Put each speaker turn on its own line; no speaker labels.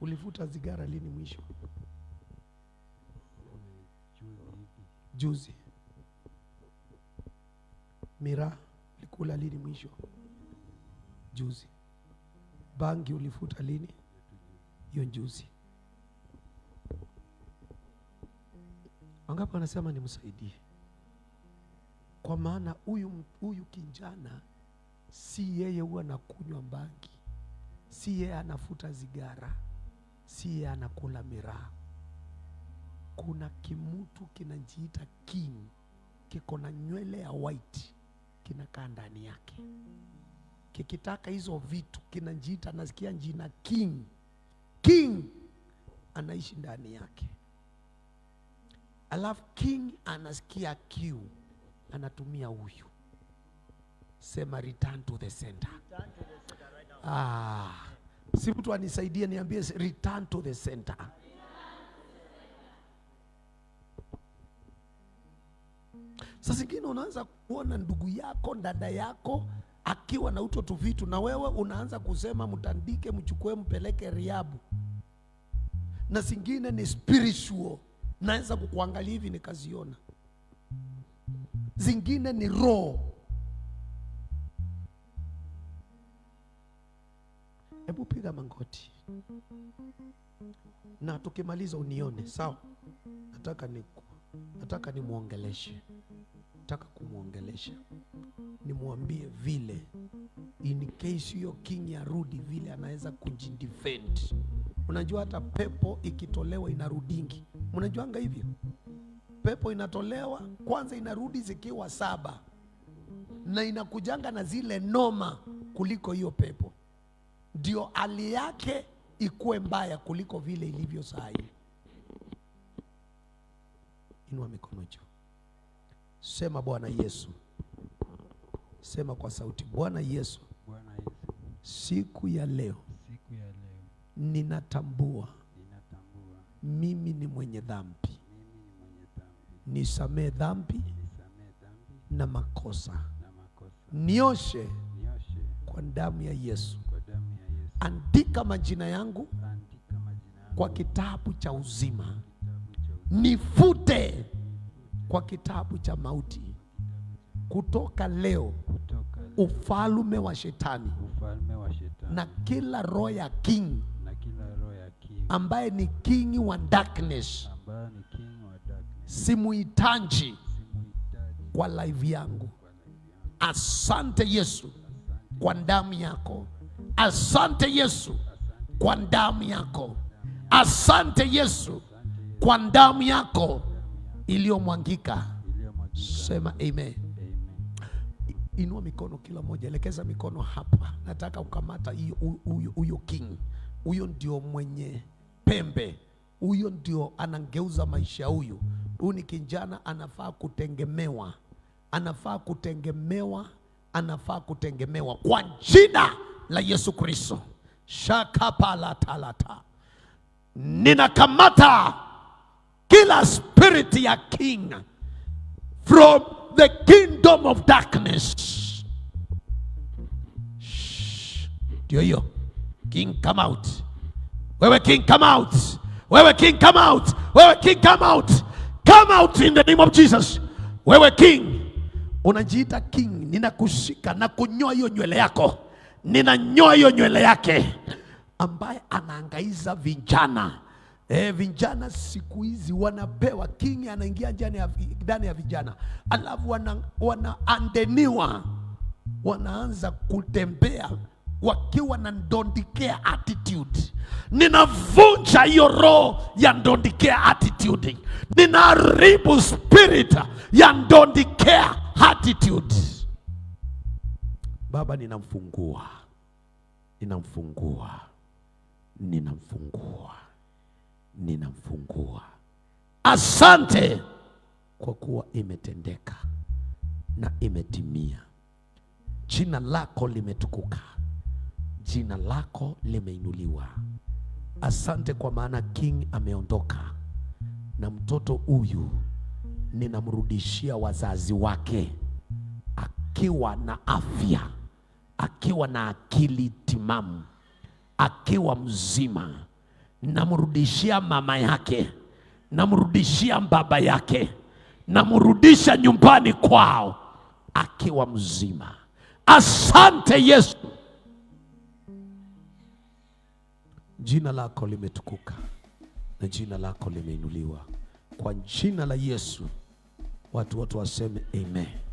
Ulivuta zigara lini mwisho? Juzi. Miraa ulikula lini mwisho? Juzi. Bangi ulivuta lini? Hiyo juzi. Wangapi anasema nimsaidie? Kwa maana huyu huyu kijana si yeye huwa anakunywa bangi, si yeye anafuta zigara si anakula miraa. Kuna kimutu kinajiita king, kiko na nywele ya white, kinakaa ndani yake, kikitaka hizo vitu kinajiita, nasikia jina king, king anaishi ndani yake, alafu king anasikia kiu, anatumia huyu, sema return to the center, return to the center right now. Ah si mtu anisaidie, niambie return to the center. Sasa zingine unaanza kuona ndugu yako dada yako akiwa na uto tu vitu, na wewe unaanza kusema mtandike, mchukue, mpeleke riabu. Na zingine ni spiritual, naanza kukuangalia hivi nikaziona. Zingine ni roho Hebu piga mangoti na tukimaliza unione sawa. Nataka ni nataka nimwongeleshe, nataka kumwongelesha, nimwambie vile in case hiyo king arudi, vile anaweza kujidefend. Unajua hata pepo ikitolewa inarudingi, mnajuanga hivyo. Pepo inatolewa kwanza, inarudi zikiwa saba na inakujanga na zile noma kuliko hiyo pepo ndio hali yake ikuwe mbaya kuliko vile ilivyo saa hii. Inua mikono juu, sema Bwana Yesu, sema kwa sauti, Bwana Yesu, Bwana Yesu, siku ya leo, siku ya leo ninatambua, ninatambua mimi ni mwenye dhambi, nisamee dhambi, nisamee dhambi na makosa, na makosa. Nioshe, nioshe kwa damu ya Yesu andika majina yangu kwa kitabu cha uzima, nifute kwa kitabu cha mauti. Kutoka leo ufalme wa shetani na kila roho ya king ambaye ni king wa darkness, simuhitaji kwa live yangu. Asante Yesu kwa damu yako. Asante Yesu kwa damu yako, asante Yesu kwa damu yako iliyomwangika. Sema amen. Inua mikono kila moja, elekeza mikono hapa. Nataka ukamata huyo king, huyo ndio mwenye pembe, huyo ndio anangeuza maisha. Huyu huyu ni kijana, anafaa kutengemewa, anafaa kutengemewa, anafaa kutengemewa kwa jina la Yesu Kristo. shakapalatalata ninakamata kila spirit ya king from the kingdom of darkness. Ndio hiyo king come out, wewe king come out, wewe king come out, wewe king come out, come out in the name of Jesus. Wewe king unajiita king, ninakushika na kunyoa hiyo nywele yako ninanyoa hiyo nywele yake ambaye anaangaiza vijana e, vijana siku hizi wanapewa kingi, anaingia ndani ya vijana alafu wanaandeniwa, wana wanaanza kutembea wakiwa na ndondikea attitude. Ninavunja hiyo roho ya ndondikea attitude, ninaharibu spirit ya ndondikea attitude. Baba, ninamfungua, ninamfungua, ninamfungua, ninamfungua. Asante kwa kuwa imetendeka na imetimia. Jina lako limetukuka, jina lako limeinuliwa. Asante kwa maana King ameondoka na mtoto huyu ninamrudishia wazazi wake akiwa na afya akiwa na akili timamu, akiwa mzima, namrudishia mama yake, namrudishia baba yake, namrudisha nyumbani kwao akiwa mzima. Asante Yesu, jina lako limetukuka na jina lako limeinuliwa, kwa jina la Yesu watu wote waseme amen.